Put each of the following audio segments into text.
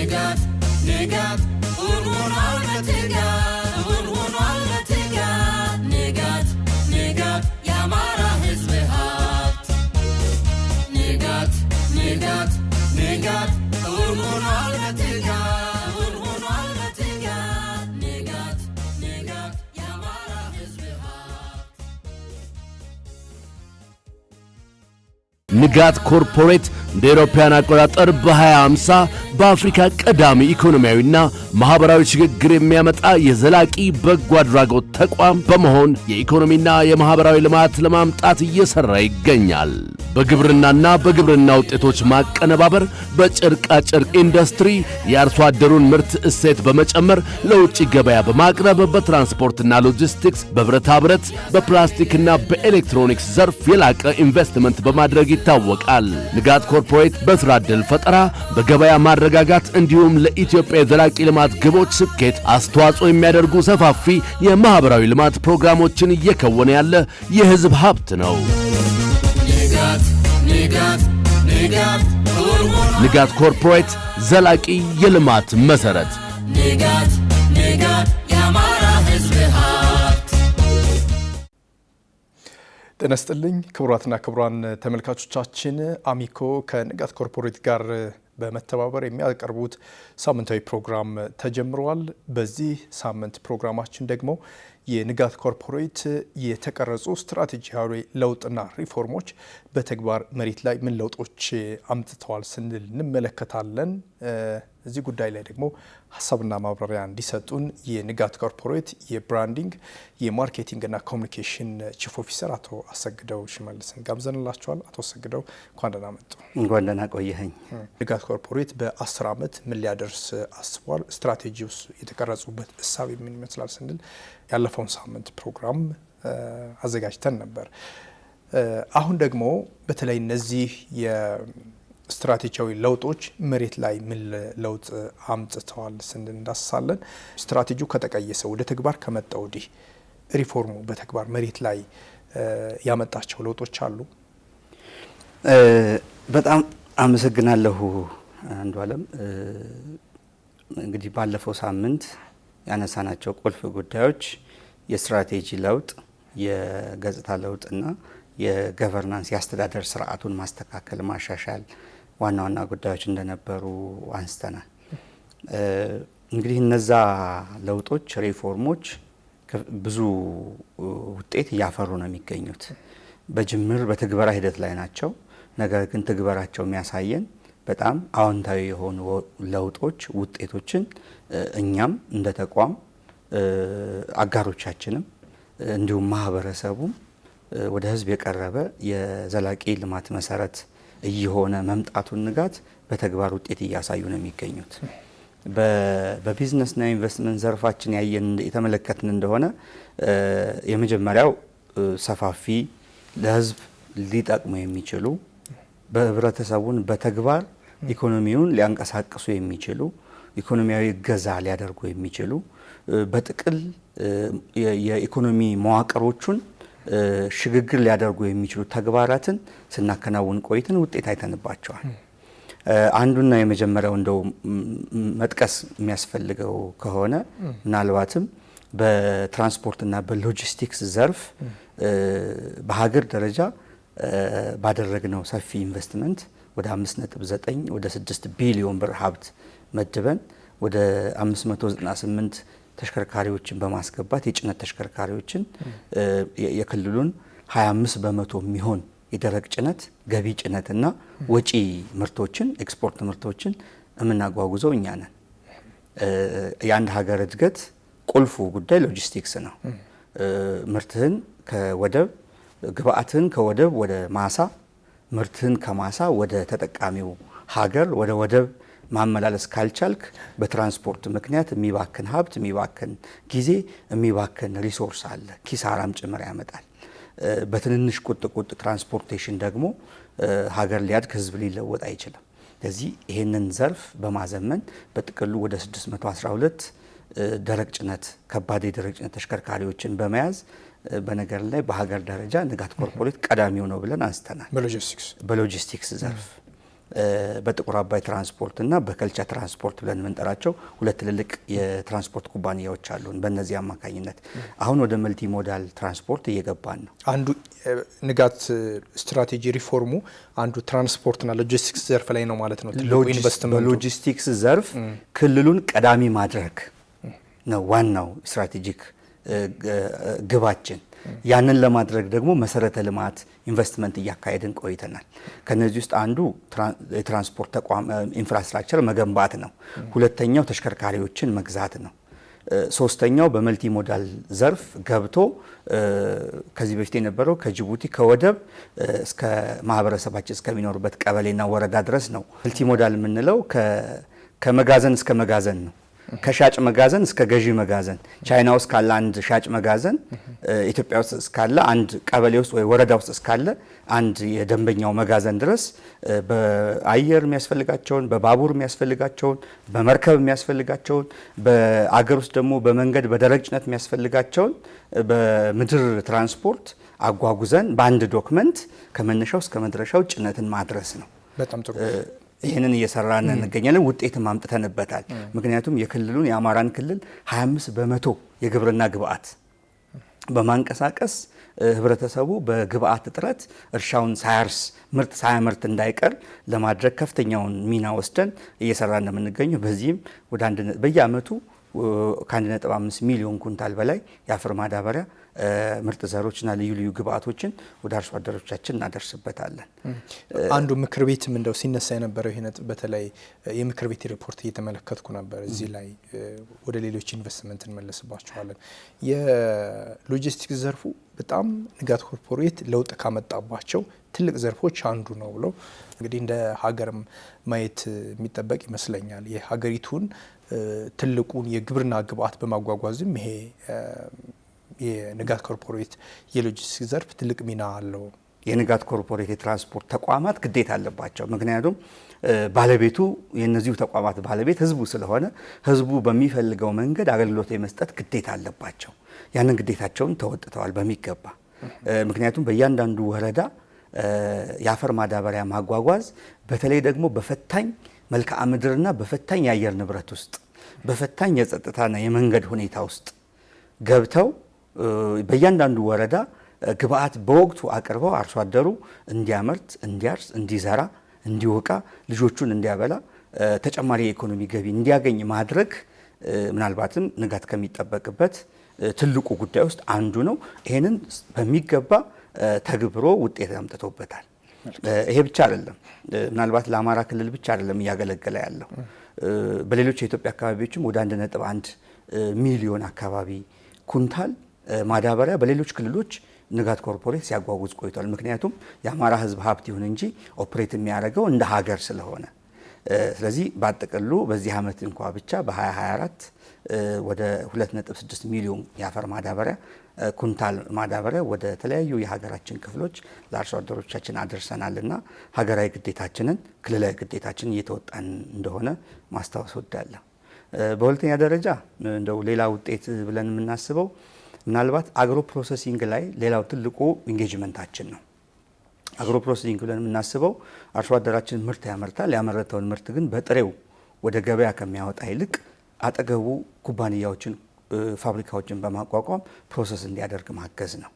ንጋት ንጋት እውን ሆኗል በትጋት እውን ሆኗል በትጋት ንጋት ንጋት የአማራ ሕዝብ ሀብት ንጋት ንጋት ንጋት እውን ሆኗል በትጋት ንጋት ኮርፖሬት እንደ አቆጣጠር በ2050 በአፍሪካ ቀዳሚ ኢኮኖሚያዊና ማህበራዊ ሽግግር የሚያመጣ የዘላቂ በጎ አድራጎት ተቋም በመሆን የኢኮኖሚና የማህበራዊ ልማት ለማምጣት እየሰራ ይገኛል። በግብርናና በግብርና ውጤቶች ማቀነባበር፣ በጨርቃጨርቅ ኢንዱስትሪ የአርሶ አደሩን ምርት እሴት በመጨመር ለውጭ ገበያ በማቅረብ፣ በትራንስፖርትና ሎጂስቲክስ፣ በብረታ ብረት፣ በፕላስቲክና በኤሌክትሮኒክስ ዘርፍ የላቀ ኢንቨስትመንት በማድረግ ይታወቃል። ንጋት ኮርፖሬት በስራ ዕድል ፈጠራ፣ በገበያ ማረጋጋት እንዲሁም ለኢትዮጵያ የዘላቂ ልማት ግቦች ስኬት አስተዋጽኦ የሚያደርጉ ሰፋፊ የማኅበራዊ ልማት ፕሮግራሞችን እየከወነ ያለ የሕዝብ ሀብት ነው። ንጋት ኮርፖሬት ዘላቂ የልማት መሰረት ንጋት ንጋት የአማራ ሀብት። ጤና ይስጥልኝ ክቡራትና ክቡራን ተመልካቾቻችን አሚኮ ከንጋት ኮርፖሬት ጋር በመተባበር የሚያቀርቡት ሳምንታዊ ፕሮግራም ተጀምረዋል። በዚህ ሳምንት ፕሮግራማችን ደግሞ የንጋት ኮርፖሬት የተቀረጹ ስትራቴጂያዊ ለውጥና ሪፎርሞች በተግባር መሬት ላይ ምን ለውጦች አምጥተዋል ስንል እንመለከታለን። እዚህ ጉዳይ ላይ ደግሞ ሀሳብና ማብራሪያ እንዲሰጡን የንጋት ኮርፖሬት የብራንዲንግ የማርኬቲንግና ኮሚኒኬሽን ቺፍ ኦፊሰር አቶ አሰግደው ሽመልስን ጋብዘንላቸዋል። አቶ አሰግደው እንኳን ደህና መጡ። እንኳን ደህና ቆየኸኝ። ንጋት ኮርፖሬት በአስር ዓመት ምን ሊያደርስ አስቧል? ስትራቴጂ ውስጥ የተቀረጹበት እሳቤ ምን ይመስላል ስንል ያለፈውን ሳምንት ፕሮግራም አዘጋጅተን ነበር። አሁን ደግሞ በተለይ እነዚህ የስትራቴጂያዊ ለውጦች መሬት ላይ ምን ለውጥ አምጥተዋል ስንል እንዳስሳለን። ስትራቴጂው ከተቀየሰ ወደ ተግባር ከመጣ ወዲህ ሪፎርሙ በተግባር መሬት ላይ ያመጣቸው ለውጦች አሉ። በጣም አመሰግናለሁ አንዱ አለም። እንግዲህ ባለፈው ሳምንት ያነሳናቸው ቁልፍ ጉዳዮች የስትራቴጂ ለውጥ፣ የገጽታ ለውጥና የገቨርናንስ የአስተዳደር ስርዓቱን ማስተካከል፣ ማሻሻል ዋና ዋና ጉዳዮች እንደነበሩ አንስተናል። እንግዲህ እነዛ ለውጦች፣ ሪፎርሞች ብዙ ውጤት እያፈሩ ነው የሚገኙት። በጅምር በትግበራ ሂደት ላይ ናቸው። ነገር ግን ትግበራቸው የሚያሳየን በጣም አዎንታዊ የሆኑ ለውጦች ውጤቶችን እኛም እንደ ተቋም አጋሮቻችንም እንዲሁም ማህበረሰቡም ወደ ህዝብ የቀረበ የዘላቂ ልማት መሰረት እየሆነ መምጣቱን ንጋት በተግባር ውጤት እያሳዩ ነው የሚገኙት። በቢዝነስና ኢንቨስትመንት ዘርፋችን ያየን የተመለከትን እንደሆነ የመጀመሪያው ሰፋፊ ለህዝብ ሊጠቅሙ የሚችሉ በህብረተሰቡን በተግባር ኢኮኖሚውን ሊያንቀሳቅሱ የሚችሉ ኢኮኖሚያዊ እገዛ ሊያደርጉ የሚችሉ በጥቅል የኢኮኖሚ መዋቅሮቹን ሽግግር ሊያደርጉ የሚችሉ ተግባራትን ስናከናውን ቆይትን ውጤት አይተንባቸዋል። አንዱና የመጀመሪያው እንደው መጥቀስ የሚያስፈልገው ከሆነ ምናልባትም በትራንስፖርትና በሎጂስቲክስ ዘርፍ በሀገር ደረጃ ባደረግነው ሰፊ ኢንቨስትመንት ወደ 5.9 ወደ 6 ቢሊዮን ብር ሀብት መድበን ወደ 598 ተሽከርካሪዎችን በማስገባት የጭነት ተሽከርካሪዎችን የክልሉን 25 በመቶ የሚሆን የደረቅ ጭነት ገቢ ጭነትና ወጪ ምርቶችን ኤክስፖርት ምርቶችን የምናጓጉዘው እኛ ነን። የአንድ ሀገር እድገት ቁልፉ ጉዳይ ሎጂስቲክስ ነው። ምርትህን ከወደብ ግብአትህን ከወደብ ወደ ማሳ ምርትህን ከማሳ ወደ ተጠቃሚው ሀገር ወደ ወደብ ማመላለስ ካልቻልክ በትራንስፖርት ምክንያት የሚባክን ሀብት፣ የሚባክን ጊዜ፣ የሚባክን ሪሶርስ አለ። ኪሳራም ጭምር ያመጣል። በትንንሽ ቁጥ ቁጥ ትራንስፖርቴሽን ደግሞ ሀገር ሊያድግ ህዝብ ሊለወጥ አይችልም። ስለዚህ ይህንን ዘርፍ በማዘመን በጥቅሉ ወደ 612 ደረቅ ጭነት ከባድ የደረቅ ጭነት ተሽከርካሪዎችን በመያዝ በነገር ላይ በሀገር ደረጃ ንጋት ኮርፖሬት ቀዳሚው ነው ብለን አንስተናል። በሎጂስቲክስ ዘርፍ በጥቁር አባይ ትራንስፖርት እና በከልቻ ትራንስፖርት ብለን የምንጠራቸው ሁለት ትልልቅ የትራንስፖርት ኩባንያዎች አሉን። በእነዚህ አማካኝነት አሁን ወደ መልቲ ሞዳል ትራንስፖርት እየገባን ነው። አንዱ ንጋት ስትራቴጂ ሪፎርሙ አንዱ ትራንስፖርትና ሎጂስቲክስ ዘርፍ ላይ ነው ማለት ነው። በሎጂስቲክስ ዘርፍ ክልሉን ቀዳሚ ማድረግ ነው ዋናው ስትራቴጂክ ግባችን። ያንን ለማድረግ ደግሞ መሰረተ ልማት ኢንቨስትመንት እያካሄድን ቆይተናል። ከነዚህ ውስጥ አንዱ የትራንስፖርት ተቋም ኢንፍራስትራክቸር መገንባት ነው። ሁለተኛው ተሽከርካሪዎችን መግዛት ነው። ሶስተኛው በመልቲ ሞዳል ዘርፍ ገብቶ ከዚህ በፊት የነበረው ከጅቡቲ ከወደብ እስከ ማህበረሰባችን እስከሚኖርበት ቀበሌና ወረዳ ድረስ ነው። መልቲ ሞዳል የምንለው ከመጋዘን እስከ መጋዘን ነው። ከሻጭ መጋዘን እስከ ገዢ መጋዘን ቻይና ውስጥ ካለ አንድ ሻጭ መጋዘን ኢትዮጵያ ውስጥ እስካለ አንድ ቀበሌ ውስጥ ወይ ወረዳ ውስጥ እስካለ አንድ የደንበኛው መጋዘን ድረስ በአየር የሚያስፈልጋቸውን፣ በባቡር የሚያስፈልጋቸውን፣ በመርከብ የሚያስፈልጋቸውን፣ በአገር ውስጥ ደግሞ በመንገድ በደረቅ ጭነት የሚያስፈልጋቸውን በምድር ትራንስፖርት አጓጉዘን በአንድ ዶክመንት ከመነሻው እስከ መድረሻው ጭነትን ማድረስ ነው። በጣም ጥሩ ይህንን እየሰራን እንገኛለን። ውጤትም አምጥተንበታል። ምክንያቱም የክልሉን የአማራን ክልል 25 በመቶ የግብርና ግብአት በማንቀሳቀስ ህብረተሰቡ በግብአት እጥረት እርሻውን ሳያርስ ምርት ሳያመርት እንዳይቀር ለማድረግ ከፍተኛውን ሚና ወስደን እየሰራ እንደምንገኘው በዚህም ወደ በየአመቱ ከ1.5 ሚሊዮን ኩንታል በላይ የአፈር ማዳበሪያ ምርጥ ዘሮችና ልዩ ልዩ ግብአቶችን ወደ አርሶ አደሮቻችን እናደርስበታለን። አንዱ ምክር ቤትም እንደው ሲነሳ የነበረው ይህ ነጥብ በተለይ የምክር ቤት ሪፖርት እየተመለከትኩ ነበር። እዚህ ላይ ወደ ሌሎች ኢንቨስትመንት እንመለስባቸዋለን። የሎጂስቲክስ ዘርፉ በጣም ንጋት ኮርፖሬት ለውጥ ካመጣባቸው ትልቅ ዘርፎች አንዱ ነው ብለው እንግዲህ እንደ ሀገርም ማየት የሚጠበቅ ይመስለኛል የሀገሪቱን ትልቁን የግብርና ግብአት በማጓጓዝም ይሄ የንጋት ኮርፖሬት የሎጂስቲክ ዘርፍ ትልቅ ሚና አለው። የንጋት ኮርፖሬት የትራንስፖርት ተቋማት ግዴታ አለባቸው። ምክንያቱም ባለቤቱ የእነዚሁ ተቋማት ባለቤት ህዝቡ ስለሆነ ህዝቡ በሚፈልገው መንገድ አገልግሎት የመስጠት ግዴታ አለባቸው። ያንን ግዴታቸውን ተወጥተዋል በሚገባ ምክንያቱም በእያንዳንዱ ወረዳ የአፈር ማዳበሪያ ማጓጓዝ በተለይ ደግሞ በፈታኝ መልክዓ ምድርና በፈታኝ የአየር ንብረት ውስጥ በፈታኝ የጸጥታና የመንገድ ሁኔታ ውስጥ ገብተው በእያንዳንዱ ወረዳ ግብአት በወቅቱ አቅርበው አርሶ አደሩ እንዲያመርት፣ እንዲያርስ፣ እንዲዘራ፣ እንዲወቃ፣ ልጆቹን እንዲያበላ፣ ተጨማሪ የኢኮኖሚ ገቢ እንዲያገኝ ማድረግ ምናልባትም ንጋት ከሚጠበቅበት ትልቁ ጉዳይ ውስጥ አንዱ ነው። ይህንን በሚገባ ተግብሮ ውጤት አምጥቶበታል። ይሄ ብቻ አይደለም፣ ምናልባት ለአማራ ክልል ብቻ አይደለም እያገለገለ ያለው በሌሎች የኢትዮጵያ አካባቢዎችም ወደ አንድ ነጥብ አንድ ሚሊዮን አካባቢ ኩንታል ማዳበሪያ በሌሎች ክልሎች ንጋት ኮርፖሬት ሲያጓጉዝ ቆይቷል። ምክንያቱም የአማራ ህዝብ ሀብት ይሁን እንጂ ኦፕሬት የሚያደርገው እንደ ሀገር ስለሆነ ስለዚህ በአጠቅሉ በዚህ ዓመት እንኳ ብቻ በ2024 ወደ 2.6 ሚሊዮን የአፈር ማዳበሪያ ኩንታል ማዳበሪያ ወደ ተለያዩ የሀገራችን ክፍሎች ለአርሶ አደሮቻችን አድርሰናል እና ሀገራዊ ግዴታችንን ክልላዊ ግዴታችንን እየተወጣን እንደሆነ ማስታወስ ወዳለሁ። በሁለተኛ ደረጃ እንደው ሌላ ውጤት ብለን የምናስበው ምናልባት አግሮ ፕሮሰሲንግ ላይ ሌላው ትልቁ ኢንጌጅመንታችን ነው። አግሮ ፕሮሰሲንግ ብለን የምናስበው አርሶ አደራችን ምርት ያመርታል። ያመረተውን ምርት ግን በጥሬው ወደ ገበያ ከሚያወጣ ይልቅ አጠገቡ ኩባንያዎችን፣ ፋብሪካዎችን በማቋቋም ፕሮሰስ እንዲያደርግ ማገዝ ነው።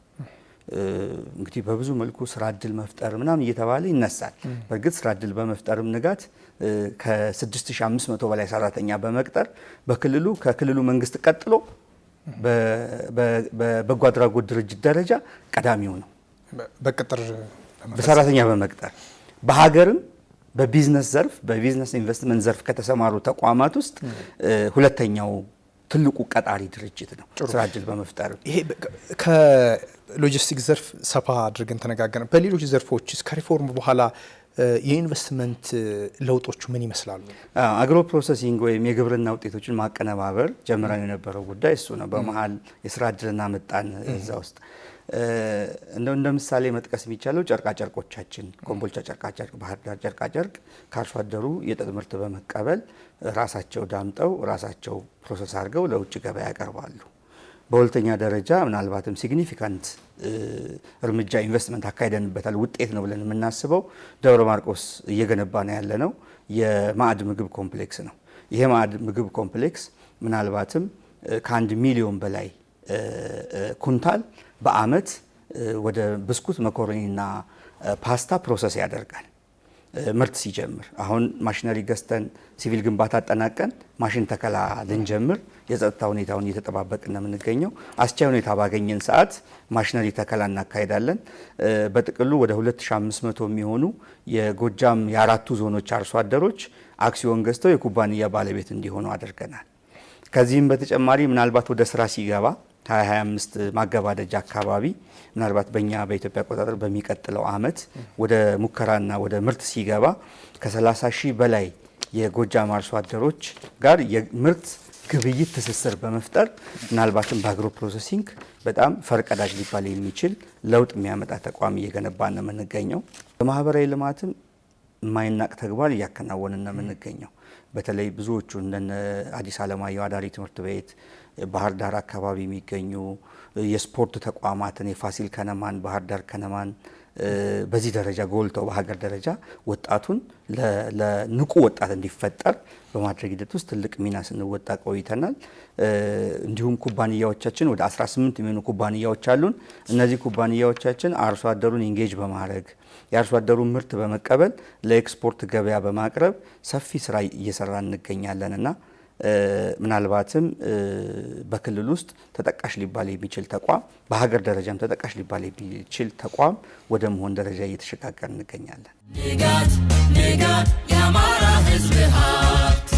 እንግዲህ በብዙ መልኩ ስራ እድል መፍጠር ምናምን እየተባለ ይነሳል። በእርግጥ ስራ እድል በመፍጠርም ንጋት ከ6500 በላይ ሰራተኛ በመቅጠር በክልሉ ከክልሉ መንግስት ቀጥሎ በበጎ አድራጎት ድርጅት ደረጃ ቀዳሚው ነው። በቅጥር በሰራተኛ በመቅጠር በሀገርም በቢዝነስ ዘርፍ በቢዝነስ ኢንቨስትመንት ዘርፍ ከተሰማሩ ተቋማት ውስጥ ሁለተኛው ትልቁ ቀጣሪ ድርጅት ነው። ስራ እድል በመፍጠር ይሄ ከሎጂስቲክስ ዘርፍ ሰፋ አድርገን ተነጋገርን። በሌሎች ዘርፎች ከሪፎርም በኋላ የኢንቨስትመንት ለውጦቹ ምን ይመስላሉ? አግሮ ፕሮሰሲንግ ወይም የግብርና ውጤቶችን ማቀነባበር ጀምረን የነበረው ጉዳይ እሱ ነው። በመሀል የስራ እድልና መጣን እዛ ውስጥ እንደው እንደ ምሳሌ መጥቀስ የሚቻለው ጨርቃጨርቆቻችን ኮምቦልቻ ጨርቃጨርቅ፣ ባህር ዳር ጨርቃጨርቅ ከአርሶ አደሩ የጥጥ ምርት በመቀበል ራሳቸው ዳምጠው ራሳቸው ፕሮሰስ አድርገው ለውጭ ገበያ ያቀርባሉ። በሁለተኛ ደረጃ ምናልባትም ሲግኒፊካንት እርምጃ ኢንቨስትመንት አካሄደንበታል ውጤት ነው ብለን የምናስበው ደብረ ማርቆስ እየገነባ ነው ያለ ነው የማዕድ ምግብ ኮምፕሌክስ ነው። ይሄ ማዕድ ምግብ ኮምፕሌክስ ምናልባትም ከአንድ ሚሊዮን በላይ ኩንታል በአመት ወደ ብስኩት መኮረኒና ፓስታ ፕሮሰስ ያደርጋል ምርት ሲጀምር አሁን ማሽነሪ ገዝተን ሲቪል ግንባታ አጠናቀን ማሽን ተከላ ልንጀምር የጸጥታ ሁኔታውን እየተጠባበቅ ነው የምንገኘው። አስቻይ ሁኔታ ባገኘን ሰዓት ማሽነሪ ተከላ እናካሄዳለን። በጥቅሉ ወደ 2500 የሚሆኑ የጎጃም የአራቱ ዞኖች አርሶ አደሮች አክሲዮን ገዝተው የኩባንያ ባለቤት እንዲሆኑ አድርገናል። ከዚህም በተጨማሪ ምናልባት ወደ ስራ ሲገባ 2025 ማገባደጃ አካባቢ ምናልባት በእኛ በኢትዮጵያ አቆጣጠር በሚቀጥለው አመት ወደ ሙከራና ወደ ምርት ሲገባ ከ30 ሺህ በላይ የጎጃም አርሶ አደሮች ጋር የምርት ግብይት ትስስር በመፍጠር ምናልባትም በአግሮ ፕሮሰሲንግ በጣም ፈርቀዳጅ ሊባል የሚችል ለውጥ የሚያመጣ ተቋም እየገነባ ነው የምንገኘው። በማህበራዊ ልማትም የማይናቅ ተግባር እያከናወን ነው የምንገኘው። በተለይ ብዙዎቹ እንደ አዲስ አለማየሁ አዳሪ ትምህርት ቤት፣ ባህር ዳር አካባቢ የሚገኙ የስፖርት ተቋማትን የፋሲል ከነማን፣ ባህር ዳር ከነማን በዚህ ደረጃ ጎልቶ በሀገር ደረጃ ወጣቱን ለንቁ ወጣት እንዲፈጠር በማድረግ ሂደት ውስጥ ትልቅ ሚና ስንወጣ ቆይተናል። እንዲሁም ኩባንያዎቻችን ወደ 18 የሚሆኑ ኩባንያዎች አሉን። እነዚህ ኩባንያዎቻችን አርሶ አደሩን ኢንጌጅ በማድረግ የአርሶ አደሩን ምርት በመቀበል ለኤክስፖርት ገበያ በማቅረብ ሰፊ ስራ እየሰራ እንገኛለንና ምናልባትም በክልል ውስጥ ተጠቃሽ ሊባል የሚችል ተቋም በሀገር ደረጃም ተጠቃሽ ሊባል የሚችል ተቋም ወደ መሆን ደረጃ እየተሸጋገር እንገኛለን። ንጋት ንጋት የአማራ ህዝብ ሀብት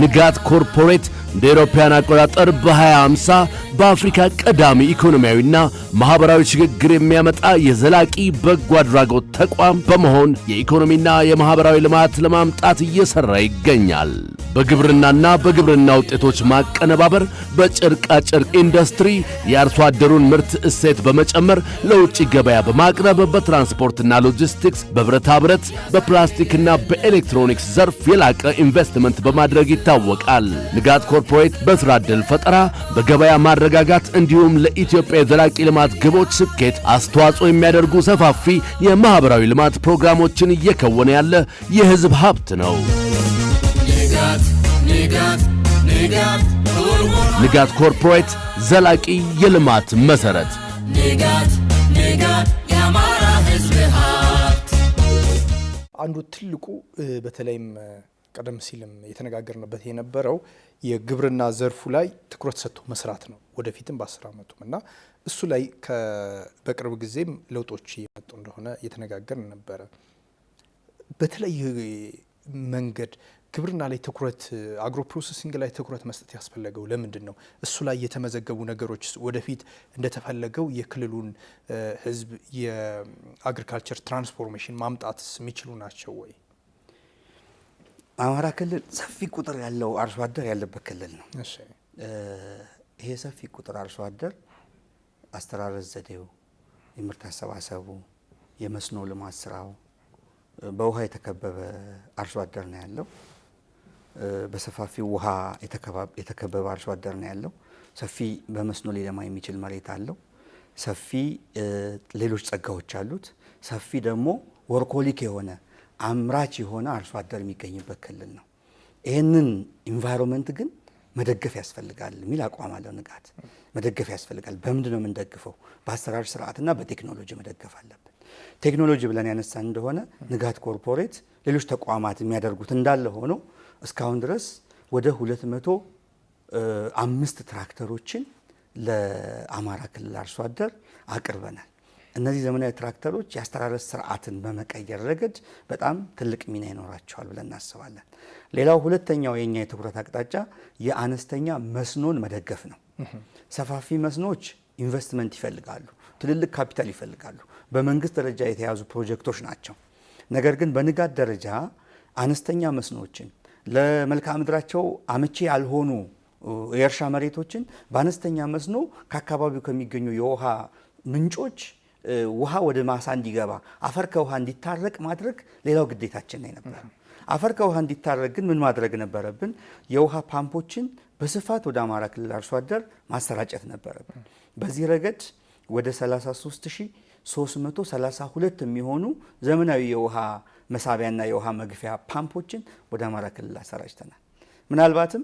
ንጋት ኮርፖሬት እንደ አውሮፓውያን አቆጣጠር በ2050 በአፍሪካ ቀዳሚ ኢኮኖሚያዊና ማኅበራዊ ሽግግር የሚያመጣ የዘላቂ በጎ አድራጎት ተቋም በመሆን የኢኮኖሚና የማኅበራዊ ልማት ለማምጣት እየሠራ ይገኛል። በግብርናና በግብርና ውጤቶች ማቀነባበር፣ በጨርቃጨርቅ ኢንዱስትሪ የአርሶ አደሩን ምርት እሴት በመጨመር ለውጭ ገበያ በማቅረብ በትራንስፖርትና ሎጂስቲክስ፣ በብረታ ብረት፣ በፕላስቲክና በኤሌክትሮኒክስ ዘርፍ የላቀ ኢንቨስትመንት በማድረግ ይታወቃል። ንጋት ኮርፖሬት በስራ ዕድል ፈጠራ፣ በገበያ ማረጋጋት እንዲሁም ለኢትዮጵያ የዘላቂ ልማት ግቦች ስኬት አስተዋጽኦ የሚያደርጉ ሰፋፊ የማህበራዊ ልማት ፕሮግራሞችን እየከወነ ያለ የህዝብ ሀብት ነው። ንጋት ኮርፖሬት ዘላቂ የልማት መሰረት አንዱ ትልቁ በተለይም ቀደም ሲልም የተነጋገርንበት የነበረው የግብርና ዘርፉ ላይ ትኩረት ሰጥቶ መስራት ነው። ወደፊትም በአስር አመቱም እና እሱ ላይ በቅርብ ጊዜም ለውጦች የመጡ እንደሆነ የተነጋገርን ነበረ። በተለይ መንገድ ግብርና ላይ ትኩረት አግሮ ፕሮሰሲንግ ላይ ትኩረት መስጠት ያስፈለገው ለምንድን ነው? እሱ ላይ የተመዘገቡ ነገሮች ወደፊት እንደተፈለገው የክልሉን ሕዝብ የአግሪካልቸር ትራንስፎርሜሽን ማምጣት የሚችሉ ናቸው ወይ? አማራ ክልል ሰፊ ቁጥር ያለው አርሶ አደር ያለበት ክልል ነው። ይሄ ሰፊ ቁጥር አርሶ አደር አስተራረስ ዘዴው፣ የምርት አሰባሰቡ፣ የመስኖ ልማት ስራው በውሃ የተከበበ አርሶ አደር ነው ያለው። በሰፋፊው ውሃ የተከበበ አርሶ አደር ነው ያለው። ሰፊ በመስኖ ሊለማ የሚችል መሬት አለው። ሰፊ ሌሎች ጸጋዎች አሉት። ሰፊ ደግሞ ወርኮሊክ የሆነ አምራች የሆነ አርሶ አደር የሚገኝበት ክልል ነው። ይህንን ኢንቫይሮንመንት ግን መደገፍ ያስፈልጋል የሚል አቋም አለው ንቃት። መደገፍ ያስፈልጋል። በምንድን ነው የምንደግፈው? በአሰራር ስርዓትና በቴክኖሎጂ መደገፍ አለብን። ቴክኖሎጂ ብለን ያነሳን እንደሆነ ንጋት ኮርፖሬት ሌሎች ተቋማት የሚያደርጉት እንዳለ ሆኖ እስካሁን ድረስ ወደ ሁለት መቶ አምስት ትራክተሮችን ለአማራ ክልል አርሶ አደር አቅርበናል። እነዚህ ዘመናዊ ትራክተሮች የአስተራረስ ስርዓትን በመቀየር ረገድ በጣም ትልቅ ሚና ይኖራቸዋል ብለን እናስባለን። ሌላው ሁለተኛው የኛ የትኩረት አቅጣጫ የአነስተኛ መስኖን መደገፍ ነው። ሰፋፊ መስኖች ኢንቨስትመንት ይፈልጋሉ፣ ትልልቅ ካፒታል ይፈልጋሉ። በመንግስት ደረጃ የተያዙ ፕሮጀክቶች ናቸው። ነገር ግን በንጋት ደረጃ አነስተኛ መስኖዎችን ለመልክዓ ምድራቸው አመቺ ያልሆኑ የእርሻ መሬቶችን በአነስተኛ መስኖ ከአካባቢው ከሚገኙ የውሃ ምንጮች ውሃ ወደ ማሳ እንዲገባ አፈር ከውሃ እንዲታረቅ ማድረግ ሌላው ግዴታችን ነው የነበረ። አፈር ከውሃ እንዲታረቅ ግን ምን ማድረግ ነበረብን? የውሃ ፓምፖችን በስፋት ወደ አማራ ክልል አርሶ አደር ማሰራጨት ነበረብን። በዚህ ረገድ ወደ 33332 የሚሆኑ ዘመናዊ የውሃ መሳቢያና የውሃ መግፊያ ፓምፖችን ወደ አማራ ክልል አሰራጭተናል። ምናልባትም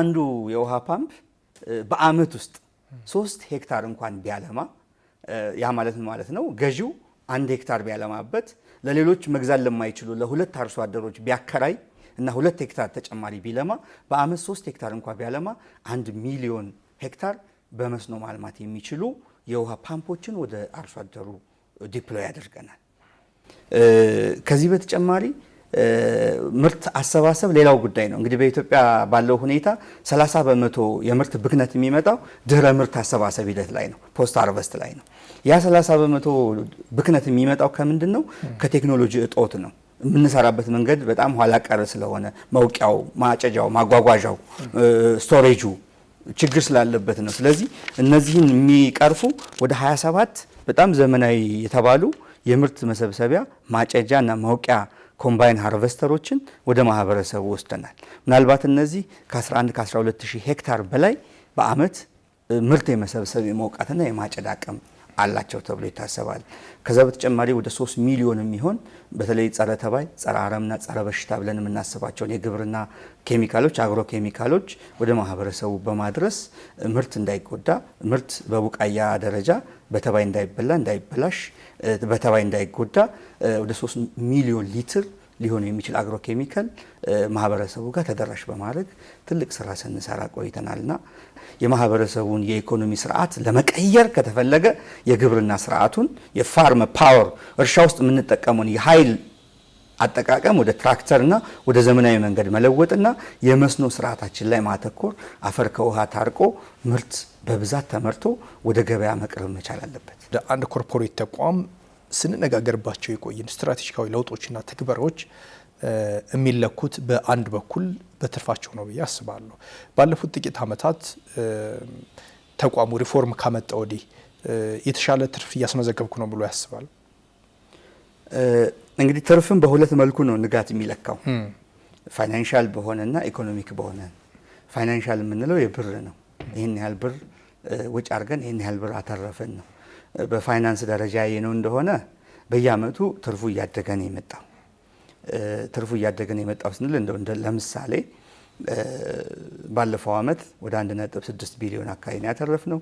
አንዱ የውሃ ፓምፕ በአመት ውስጥ ሶስት ሄክታር እንኳን ቢያለማ ያ ማለት ማለት ነው ገዢው አንድ ሄክታር ቢያለማበት ለሌሎች መግዛት ለማይችሉ ለሁለት አርሶ አደሮች ቢያከራይ እና ሁለት ሄክታር ተጨማሪ ቢለማ በአመት ሶስት ሄክታር እንኳ ቢያለማ አንድ ሚሊዮን ሄክታር በመስኖ ማልማት የሚችሉ የውሃ ፓምፖችን ወደ አርሶ አደሩ ዲፕሎይ ያደርገናል። ከዚህ በተጨማሪ ምርት አሰባሰብ ሌላው ጉዳይ ነው። እንግዲህ በኢትዮጵያ ባለው ሁኔታ 30 በመቶ የምርት ብክነት የሚመጣው ድህረ ምርት አሰባሰብ ሂደት ላይ ነው፣ ፖስት አርቨስት ላይ ነው። ያ 30 በመቶ ብክነት የሚመጣው ከምንድን ነው? ከቴክኖሎጂ እጦት ነው። የምንሰራበት መንገድ በጣም ኋላ ቀር ስለሆነ መውቂያው፣ ማጨጃው፣ ማጓጓዣው፣ ስቶሬጁ ችግር ስላለበት ነው። ስለዚህ እነዚህን የሚቀርፉ ወደ 27 በጣም ዘመናዊ የተባሉ የምርት መሰብሰቢያ ማጨጃ እና መውቂያ ኮምባይን ሃርቨስተሮችን ወደ ማህበረሰቡ ወስደናል። ምናልባት እነዚህ ከ11 ከ12 ሺህ ሄክታር በላይ በአመት ምርት የመሰብሰብ የመውቃትና የማጨድ አቅም አላቸው ተብሎ ይታሰባል። ከዛ በተጨማሪ ወደ 3 ሚሊዮን የሚሆን በተለይ ጸረ ተባይ፣ ጸረ አረምና ጸረ በሽታ ብለን የምናስባቸውን የግብርና ኬሚካሎች፣ አግሮ ኬሚካሎች ወደ ማህበረሰቡ በማድረስ ምርት እንዳይጎዳ ምርት በቡቃያ ደረጃ በተባይ እንዳይበላ እንዳይበላሽ በተባይ እንዳይጎዳ ወደ 3 ሚሊዮን ሊትር ሊሆን የሚችል አግሮ ኬሚካል ማህበረሰቡ ጋር ተደራሽ በማድረግ ትልቅ ስራ ስንሰራ ቆይተናልና የማህበረሰቡን የኢኮኖሚ ስርዓት ለመቀየር ከተፈለገ የግብርና ስርዓቱን የፋርም ፓወር እርሻ ውስጥ የምንጠቀመውን የኃይል አጠቃቀም ወደ ትራክተርና ወደ ዘመናዊ መንገድ መለወጥና የመስኖ ስርዓታችን ላይ ማተኮር፣ አፈር ከውሃ ታርቆ ምርት በብዛት ተመርቶ ወደ ገበያ መቅረብ መቻል አለበት። ወደ አንድ ኮርፖሬት ተቋም ስንነጋገርባቸው የቆይን ስትራቴጂካዊ ለውጦችና ትግበራዎች የሚለኩት በአንድ በኩል በትርፋቸው ነው ብዬ አስባለሁ። ባለፉት ጥቂት ዓመታት ተቋሙ ሪፎርም ካመጣ ወዲህ የተሻለ ትርፍ እያስመዘገብኩ ነው ብሎ ያስባል። እንግዲህ ትርፍን በሁለት መልኩ ነው ንጋት የሚለካው ፋይናንሻል በሆነና ኢኮኖሚክ በሆነ። ፋይናንሻል የምንለው የብር ነው። ይህን ያህል ብር ውጭ አድርገን ይህን ያህል ብር አተረፍን ነው። በፋይናንስ ደረጃ ነው እንደሆነ በየአመቱ ትርፉ እያደገ ነው የመጣው። ትርፉ እያደገ ነው የመጣው ስንል ለምሳሌ ባለፈው አመት ወደ 1.6 ቢሊዮን አካባቢ ነው ያተረፍ ነው።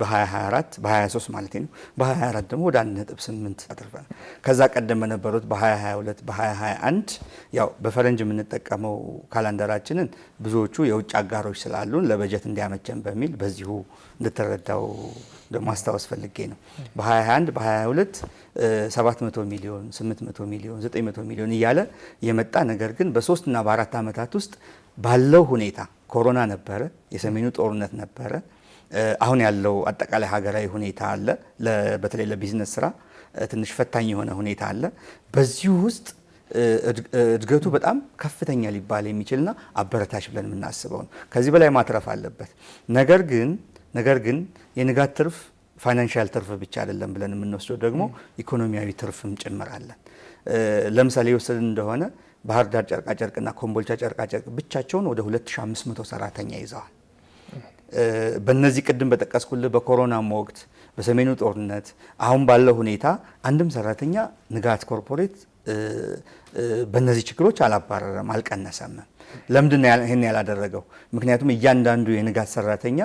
በ2024 በ23 ማለት ነው። በ24 ደግሞ ወደ 1.8 አትርፈናል። ከዛ ቀደም በነበሩት በ2022 በ2021 ያው በፈረንጅ የምንጠቀመው ካላንደራችንን ብዙዎቹ የውጭ አጋሮች ስላሉን ለበጀት እንዲያመቸን በሚል በዚሁ እንድትረዳው ማስታወስ ፈልጌ ነው። 21 በ በ22 700 ሚሊዮን፣ 800 ሚሊዮን፣ 900 ሚሊዮን እያለ የመጣ ነገር ግን በሶስትና በአራት ዓመታት ውስጥ ባለው ሁኔታ ኮሮና ነበረ፣ የሰሜኑ ጦርነት ነበረ አሁን ያለው አጠቃላይ ሀገራዊ ሁኔታ አለ። በተለይ ለቢዝነስ ስራ ትንሽ ፈታኝ የሆነ ሁኔታ አለ። በዚሁ ውስጥ እድገቱ በጣም ከፍተኛ ሊባል የሚችልና አበረታች ብለን የምናስበው ነው። ከዚህ በላይ ማትረፍ አለበት። ነገር ግን ነገር ግን የንጋት ትርፍ ፋይናንሻል ትርፍ ብቻ አይደለም ብለን የምንወስደው ደግሞ ኢኮኖሚያዊ ትርፍም ጭምር አለን። ለምሳሌ የወሰድን እንደሆነ ባህር ዳር ጨርቃጨርቅና ኮምቦልቻ ጨርቃጨርቅ ብቻቸውን ወደ 2500 ሰራተኛ ይዘዋል። በነዚህ ቅድም በጠቀስኩልህ በኮሮናም ወቅት በሰሜኑ ጦርነት አሁን ባለው ሁኔታ አንድም ሰራተኛ ንጋት ኮርፖሬት በነዚህ ችግሮች አላባረረም፣ አልቀነሰም። ለምንድን ይህን ያላደረገው? ምክንያቱም እያንዳንዱ የንጋት ሰራተኛ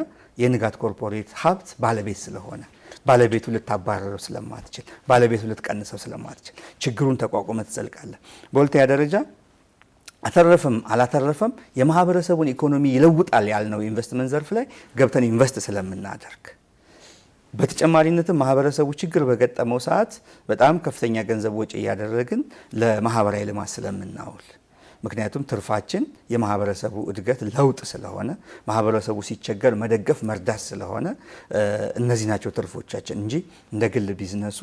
የንጋት ኮርፖሬት ሀብት ባለቤት ስለሆነ ባለቤቱ ልታባረረው ስለማትችል፣ ባለቤቱ ልትቀንሰው ስለማትችል ችግሩን ተቋቁመ ትዘልቃለህ። በሁለተኛ ደረጃ አተረፈም አላተረፈም የማህበረሰቡን ኢኮኖሚ ይለውጣል ያልነው ኢንቨስትመንት ዘርፍ ላይ ገብተን ኢንቨስት ስለምናደርግ በተጨማሪነትም ማህበረሰቡ ችግር በገጠመው ሰዓት በጣም ከፍተኛ ገንዘብ ወጪ እያደረግን ለማህበራዊ ልማት ስለምናውል ምክንያቱም ትርፋችን የማህበረሰቡ እድገት ለውጥ ስለሆነ ማህበረሰቡ ሲቸገር መደገፍ መርዳት ስለሆነ እነዚህ ናቸው ትርፎቻችን እንጂ እንደ ግል ቢዝነሱ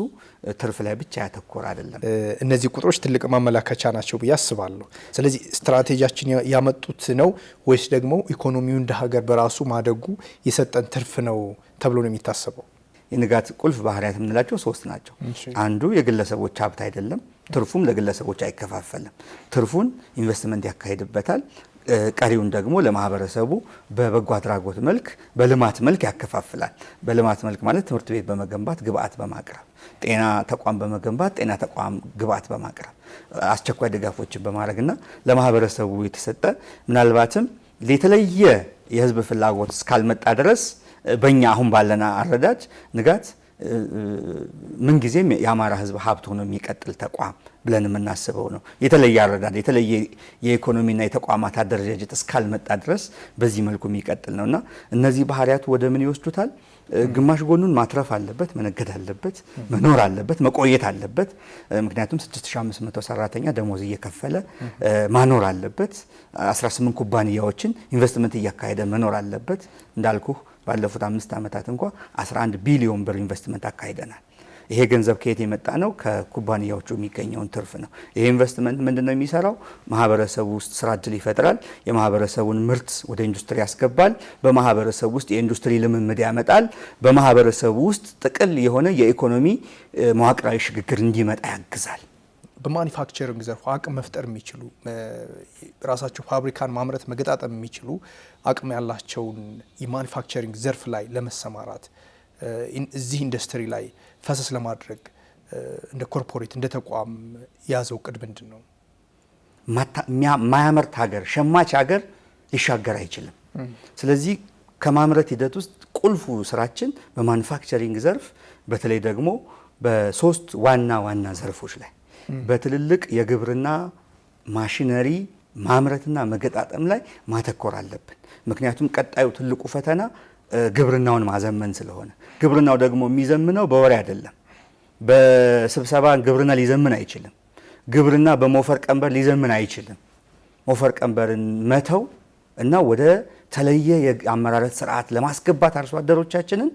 ትርፍ ላይ ብቻ ያተኮረ አይደለም። እነዚህ ቁጥሮች ትልቅ ማመላከቻ ናቸው ብዬ አስባለሁ። ስለዚህ ስትራቴጂያችን ያመጡት ነው ወይስ ደግሞ ኢኮኖሚው እንደ ሀገር በራሱ ማደጉ የሰጠን ትርፍ ነው ተብሎ ነው የሚታሰበው? የንጋት ቁልፍ ባህሪያት የምንላቸው ሶስት ናቸው። አንዱ የግለሰቦች ሀብት አይደለም ትርፉም ለግለሰቦች አይከፋፈልም። ትርፉን ኢንቨስትመንት ያካሄድበታል። ቀሪውን ደግሞ ለማህበረሰቡ በበጎ አድራጎት መልክ በልማት መልክ ያከፋፍላል። በልማት መልክ ማለት ትምህርት ቤት በመገንባት ግብአት በማቅረብ ጤና ተቋም በመገንባት ጤና ተቋም ግብአት በማቅረብ አስቸኳይ ድጋፎችን በማድረግና ለማህበረሰቡ የተሰጠ ምናልባትም የተለየ የህዝብ ፍላጎት እስካልመጣ ድረስ በእኛ አሁን ባለና አረዳጅ ንጋት ምንጊዜም የአማራ ህዝብ ሀብት ሆኖ የሚቀጥል ተቋም ብለን የምናስበው ነው። የተለየ አረዳድ፣ የተለየ የኢኮኖሚና የተቋማት አደረጃጀት እስካልመጣ ድረስ በዚህ መልኩ የሚቀጥል ነው እና እነዚህ ባህሪያት ወደ ምን ይወስዱታል? ግማሽ ጎኑን ማትረፍ አለበት፣ መነገድ አለበት፣ መኖር አለበት፣ መቆየት አለበት። ምክንያቱም 6500 ሰራተኛ ደሞዝ እየከፈለ ማኖር አለበት። 18 ኩባንያዎችን ኢንቨስትመንት እያካሄደ መኖር አለበት እንዳልኩህ ባለፉት አምስት ዓመታት እንኳ 11 ቢሊዮን ብር ኢንቨስትመንት አካሂደናል። ይሄ ገንዘብ ከየት የመጣ ነው? ከኩባንያዎቹ የሚገኘውን ትርፍ ነው። ይሄ ኢንቨስትመንት ምንድን ነው የሚሰራው? ማህበረሰቡ ውስጥ ስራ እድል ይፈጥራል። የማህበረሰቡን ምርት ወደ ኢንዱስትሪ ያስገባል። በማህበረሰቡ ውስጥ የኢንዱስትሪ ልምምድ ያመጣል። በማህበረሰቡ ውስጥ ጥቅል የሆነ የኢኮኖሚ መዋቅራዊ ሽግግር እንዲመጣ ያግዛል። በማኒፋክቸሪንግ ዘርፉ አቅም መፍጠር የሚችሉ ራሳቸው ፋብሪካን ማምረት መገጣጠም የሚችሉ አቅም ያላቸውን የማኒፋክቸሪንግ ዘርፍ ላይ ለመሰማራት እዚህ ኢንዱስትሪ ላይ ፈሰስ ለማድረግ እንደ ኮርፖሬት እንደ ተቋም የያዘው እቅድ ምንድን ነው? ማያመርት ሀገር፣ ሸማች ሀገር ሊሻገር አይችልም። ስለዚህ ከማምረት ሂደት ውስጥ ቁልፉ ስራችን በማኒፋክቸሪንግ ዘርፍ በተለይ ደግሞ በሶስት ዋና ዋና ዘርፎች ላይ በትልልቅ የግብርና ማሽነሪ ማምረትና መገጣጠም ላይ ማተኮር አለብን። ምክንያቱም ቀጣዩ ትልቁ ፈተና ግብርናውን ማዘመን ስለሆነ ግብርናው ደግሞ የሚዘምነው በወሬ አይደለም። በስብሰባ ግብርና ሊዘምን አይችልም። ግብርና በሞፈር ቀንበር ሊዘምን አይችልም። ሞፈር ቀንበርን መተው እና ወደ የተለየ የአመራረት ስርዓት ለማስገባት አርሶ አደሮቻችንን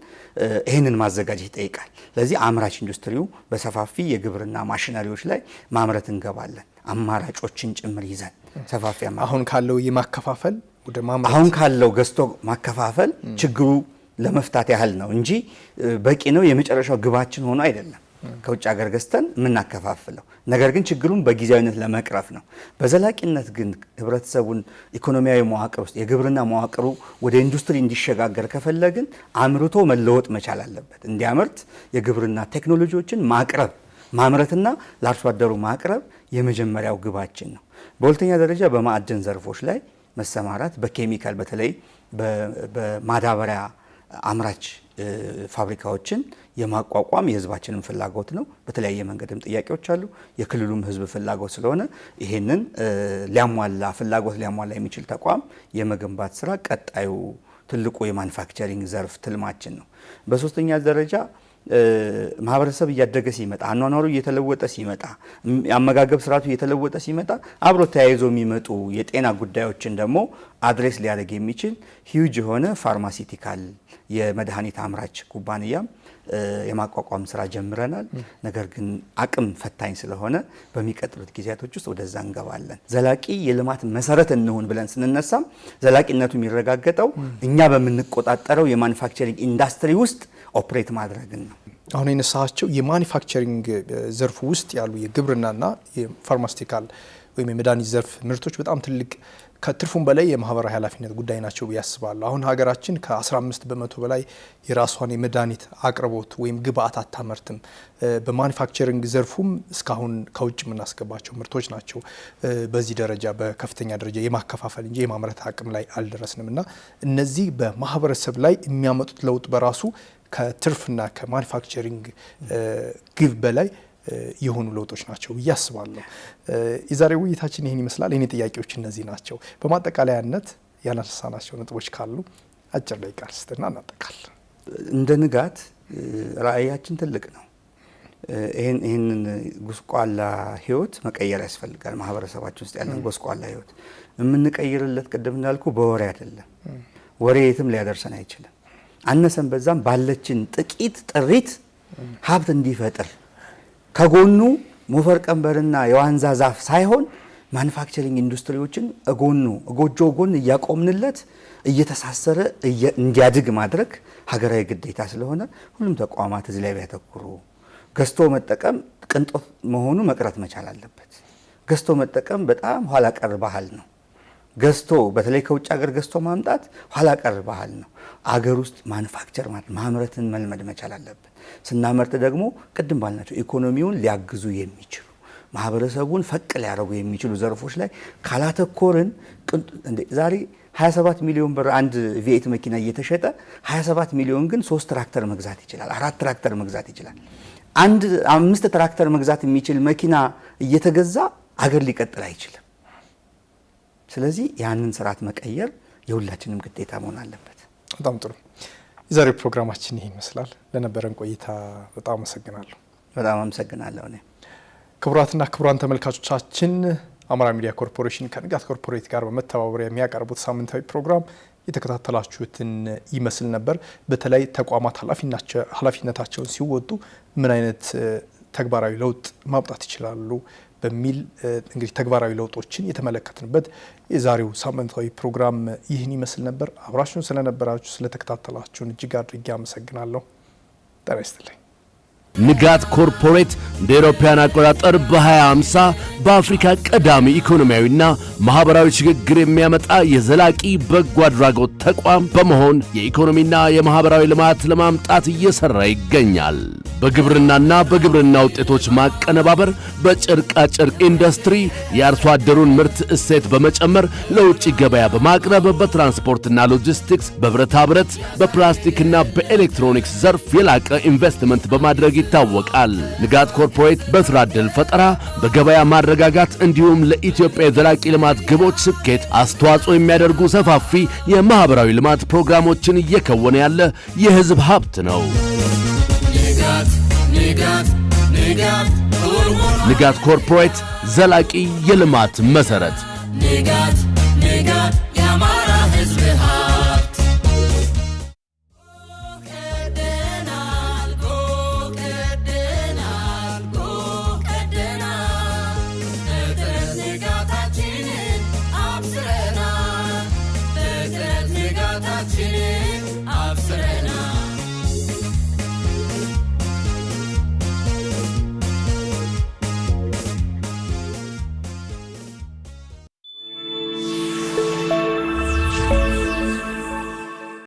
ይህንን ማዘጋጀት ይጠይቃል። ለዚህ አምራች ኢንዱስትሪው በሰፋፊ የግብርና ማሽነሪዎች ላይ ማምረት እንገባለን። አማራጮችን ጭምር ይዘን ሰፋፊ አሁን ካለው የማከፋፈል ወደ ማምረት አሁን ካለው ገዝቶ ማከፋፈል ችግሩ ለመፍታት ያህል ነው እንጂ በቂ ነው የመጨረሻው ግባችን ሆኖ አይደለም። ከውጭ ሀገር ገዝተን የምናከፋፍለው። ነገር ግን ችግሩን በጊዜያዊነት ለመቅረፍ ነው። በዘላቂነት ግን ህብረተሰቡን ኢኮኖሚያዊ መዋቅር ውስጥ የግብርና መዋቅሩ ወደ ኢንዱስትሪ እንዲሸጋገር ከፈለግን አምርቶ መለወጥ መቻል አለበት። እንዲያመርት የግብርና ቴክኖሎጂዎችን ማቅረብ ማምረትና ለአርሶ አደሩ ማቅረብ የመጀመሪያው ግባችን ነው። በሁለተኛ ደረጃ በማዕድን ዘርፎች ላይ መሰማራት በኬሚካል በተለይ በማዳበሪያ አምራች ፋብሪካዎችን የማቋቋም የህዝባችንን ፍላጎት ነው። በተለያየ መንገድም ጥያቄዎች አሉ። የክልሉም ህዝብ ፍላጎት ስለሆነ ይሄንን ሊያሟላ ፍላጎት ሊያሟላ የሚችል ተቋም የመገንባት ስራ ቀጣዩ ትልቁ የማኑፋክቸሪንግ ዘርፍ ትልማችን ነው። በሶስተኛ ደረጃ ማህበረሰብ እያደገ ሲመጣ አኗኗሩ እየተለወጠ ሲመጣ የአመጋገብ ስርዓቱ እየተለወጠ ሲመጣ አብሮ ተያይዞ የሚመጡ የጤና ጉዳዮችን ደግሞ አድሬስ ሊያደርግ የሚችል ሂውጅ የሆነ ፋርማሲቲካል የመድኃኒት አምራች ኩባንያም የማቋቋም ስራ ጀምረናል። ነገር ግን አቅም ፈታኝ ስለሆነ በሚቀጥሉት ጊዜያቶች ውስጥ ወደዛ እንገባለን። ዘላቂ የልማት መሰረት እንሁን ብለን ስንነሳም ዘላቂነቱ የሚረጋገጠው እኛ በምንቆጣጠረው የማኒፋክቸሪንግ ኢንዱስትሪ ውስጥ ኦፕሬት ማድረግን ነው። አሁን የነሳቸው የማኒፋክቸሪንግ ዘርፉ ውስጥ ያሉ የግብርናና የፋርማስቲካል ወይም የመድኃኒት ዘርፍ ምርቶች በጣም ትልቅ ከትርፉም በላይ የማህበራዊ ኃላፊነት ጉዳይ ናቸው ብዬ አስባለሁ። አሁን ሀገራችን ከ15 በመቶ በላይ የራሷን የመድኃኒት አቅርቦት ወይም ግብአት አታመርትም። በማኒፋክቸሪንግ ዘርፉም እስካሁን ከውጭ የምናስገባቸው ምርቶች ናቸው በዚህ ደረጃ በከፍተኛ ደረጃ የማከፋፈል እንጂ የማምረት አቅም ላይ አልደረስንም እና እነዚህ በማህበረሰብ ላይ የሚያመጡት ለውጥ በራሱ ከትርፍና ከማኒፋክቸሪንግ ግብ በላይ የሆኑ ለውጦች ናቸው ብዬ አስባለሁ። የዛሬ ውይይታችን ይህን ይመስላል። የኔ ጥያቄዎች እነዚህ ናቸው። በማጠቃለያነት ያነሳናቸው ነጥቦች ካሉ አጭር ደቂቃ አንስትና እናጠቃል። እንደ ንጋት ራዕያችን ትልቅ ነው። ይህንን ጉስቋላ ህይወት መቀየር ያስፈልጋል። ማህበረሰባችን ውስጥ ያለን ጎስቋላ ህይወት የምንቀይርለት ቅድም እንዳልኩ በወሬ አይደለም። ወሬ የትም ሊያደርሰን አይችልም። አነሰን በዛም ባለችን ጥቂት ጥሪት ሀብት እንዲፈጥር ከጎኑ ሞፈር ቀንበርና የዋንዛ ዛፍ ሳይሆን ማኑፋክቸሪንግ ኢንዱስትሪዎችን እጎኑ ጎጆ ጎን እያቆምንለት እየተሳሰረ እንዲያድግ ማድረግ ሀገራዊ ግዴታ ስለሆነ ሁሉም ተቋማት እዚህ ላይ ቢያተኩሩ። ገዝቶ መጠቀም ቅንጦት መሆኑ መቅረት መቻል አለበት። ገዝቶ መጠቀም በጣም ኋላ ቀር ባህል ነው። ገዝቶ በተለይ ከውጭ ሀገር ገዝቶ ማምጣት ኋላ ቀር ባህል ነው። አገር ውስጥ ማኑፋክቸር ማለት ማምረትን መልመድ መቻል አለብን። ስናመርት ደግሞ ቅድም ባልናቸው ኢኮኖሚውን ሊያግዙ የሚችሉ ማህበረሰቡን ፈቅ ሊያደርጉ የሚችሉ ዘርፎች ላይ ካላተኮርን ዛሬ 27 ሚሊዮን ብር አንድ ቪኤት መኪና እየተሸጠ 27 ሚሊዮን ግን ሶስት ትራክተር መግዛት ይችላል፣ አራት ትራክተር መግዛት ይችላል። አንድ አምስት ትራክተር መግዛት የሚችል መኪና እየተገዛ አገር ሊቀጥል አይችልም። ስለዚህ ያንን ስርዓት መቀየር የሁላችንም ግዴታ መሆን አለበት። በጣም ጥሩ። የዛሬው ፕሮግራማችን ይህ ይመስላል። ለነበረን ቆይታ በጣም አመሰግናለሁ። በጣም አመሰግናለሁ። እኔ ክቡራትና ክቡራን ተመልካቾቻችን አማራ ሚዲያ ኮርፖሬሽን ከንጋት ኮርፖሬት ጋር በመተባበር የሚያቀርቡት ሳምንታዊ ፕሮግራም የተከታተላችሁትን ይመስል ነበር። በተለይ ተቋማት ኃላፊነታቸውን ሲወጡ ምን አይነት ተግባራዊ ለውጥ ማምጣት ይችላሉ በሚል እንግዲህ ተግባራዊ ለውጦችን የተመለከትንበት የዛሬው ሳምንታዊ ፕሮግራም ይህን ይመስል ነበር። አብራችሁን ስለነበራችሁ ስለተከታተላችሁን እጅግ አድርጌ አመሰግናለሁ። ጤና ይስጥልኝ። ንጋት ኮርፖሬት እንደ አውሮፓውያን አቆጣጠር በ2050 በአፍሪካ ቀዳሚ ኢኮኖሚያዊና ማኅበራዊ ሽግግር የሚያመጣ የዘላቂ በጎ አድራጎት ተቋም በመሆን የኢኮኖሚና የማኅበራዊ ልማት ለማምጣት እየሠራ ይገኛል። በግብርናና በግብርና ውጤቶች ማቀነባበር፣ በጨርቃጨርቅ ኢንዱስትሪ የአርሶ አደሩን ምርት እሴት በመጨመር ለውጭ ገበያ በማቅረብ በትራንስፖርትና ሎጂስቲክስ፣ በብረታ ብረት፣ በፕላስቲክና በኤሌክትሮኒክስ ዘርፍ የላቀ ኢንቨስትመንት በማድረግ ይታወቃል። ንጋት ኮርፖሬት በስራ ዕድል ፈጠራ፣ በገበያ ማረጋጋት እንዲሁም ለኢትዮጵያ የዘላቂ ልማት ግቦች ስኬት አስተዋጽኦ የሚያደርጉ ሰፋፊ የማኅበራዊ ልማት ፕሮግራሞችን እየከወነ ያለ የሕዝብ ሀብት ነው። ንጋት ኮርፖሬት ዘላቂ የልማት መሠረት። ንጋት ንጋት የአማራ ሕዝብ